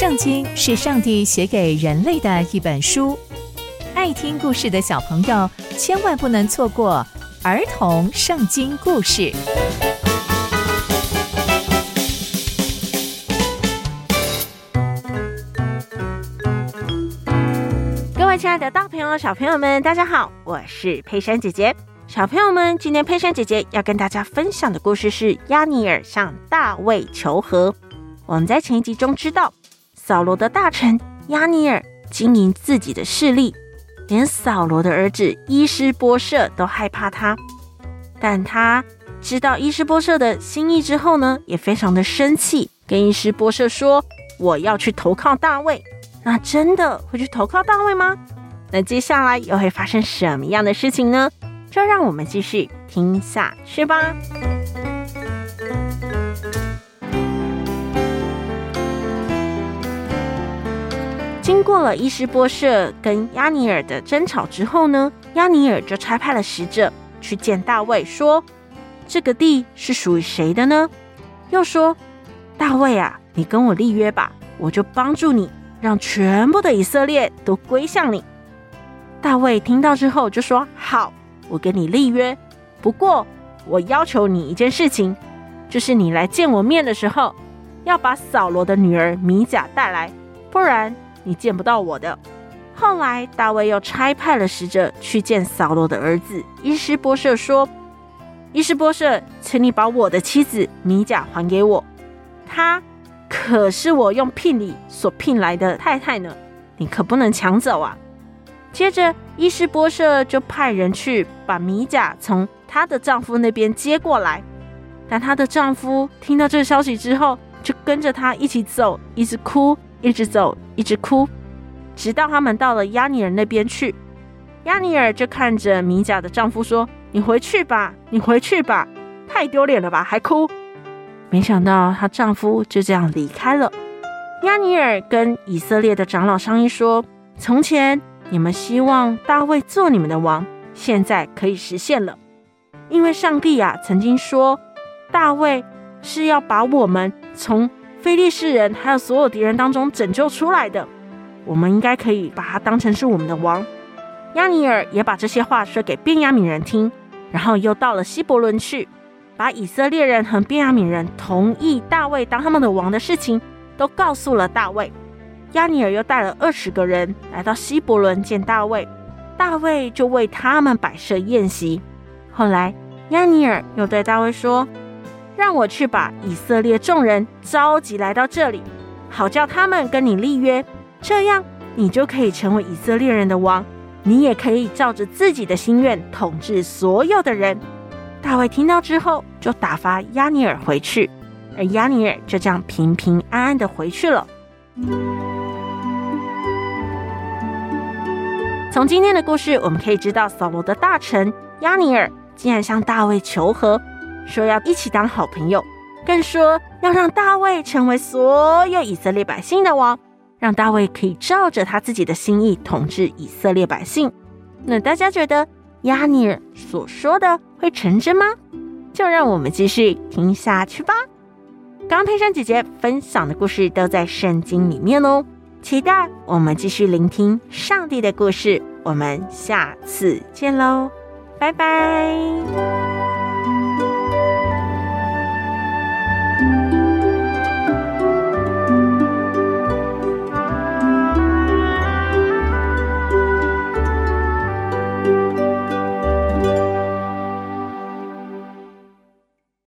聖經是上帝寫給人類的一本書，愛聽故事的小朋友千萬不能錯過兒童聖經故事。各位親愛的大朋友、小朋友們，大家好，我是佩珊姐姐。小朋友們，今天佩珊姐姐要跟大家分享的故事是押尼珥向大衛求和。我們在前一集中知道。掃羅的大臣押尼珥經營自己的勢力，連掃羅的兒子伊施波設都害怕他。但他知道伊施波設的心意之後呢，也非常的生氣，跟伊施波設說：“我要去投靠大衛。”那真的會去投靠大衛嗎？那接下來又會發生什麼樣的事情呢？就讓我們繼續聽下去吧。經過了伊施波設跟押尼珥的爭吵之後呢，押尼珥就差派了使者去見大衛，說：“這個地是屬於誰的呢？”又說：“大衛啊，你跟我立約吧，我就幫助你，讓全部的以色列都歸向你。”大衛聽到之後就說：“好，我跟你立約，不過我要求你一件事情，就是你來見我面的時候，要把掃羅的女兒米甲帶來，不然。”你見不到我的。後來，大衛又差派了使者去見掃羅的兒子伊施波設，說：“伊施波設，請你把我的妻子米甲還給我，她可是我用聘禮所聘來的太太呢，你可不能搶走啊。”接着，伊施波設就派人去把米甲從她的丈夫那邊接過來，但她的丈夫聽到這個消息之後，就跟着她一起走，一直哭。一直走，一直哭，直到他們到了押尼珥那邊去。押尼珥就看着米甲的丈夫說：“你回去吧，你回去吧，太丟臉了吧，還哭。”沒想到她丈夫就這樣離開了。押尼珥跟以色列的長老商議說：“從前你們希望大衛做你們的王，現在可以實現了，因為上帝呀曾經說，大衛是要把我們從。”非利士人還有所有敵人當中拯救出來的，我們應該可以把他當成是我們的王。押尼珥也把這些話說給便雅憫人聽，然後又到了希伯倫去，把以色列人和便雅憫人同意大衛當他們的王的事情都告訴了大衛。押尼珥又帶了二十個人來到希伯倫見大衛，大衛就為他們擺設宴席。後來押尼珥又對大衛說。讓我去把以色列眾人召集來到這裡，好叫他們跟你立約，這樣你就可以成為以色列人的王，你也可以照着自己的心願統治所有的人。大衛聽到之後，就打發押尼珥回去，而押尼珥就這樣平平安安的回去了。從今天的故事，我們可以知道，掃羅的大臣押尼珥竟然向大衛求和。說要一起當好朋友，更說要讓大衛成為所有以色列百姓的王，讓大衛可以照着他自己的心意統治以色列百姓。那大家覺得押尼珥所說的會成真嗎？就讓我們繼續聽下去吧。剛剛佩珊姐姐分享的故事都在聖經裡面哦。期待我們繼續聆聽上帝的故事。我們下次見嘍，拜拜。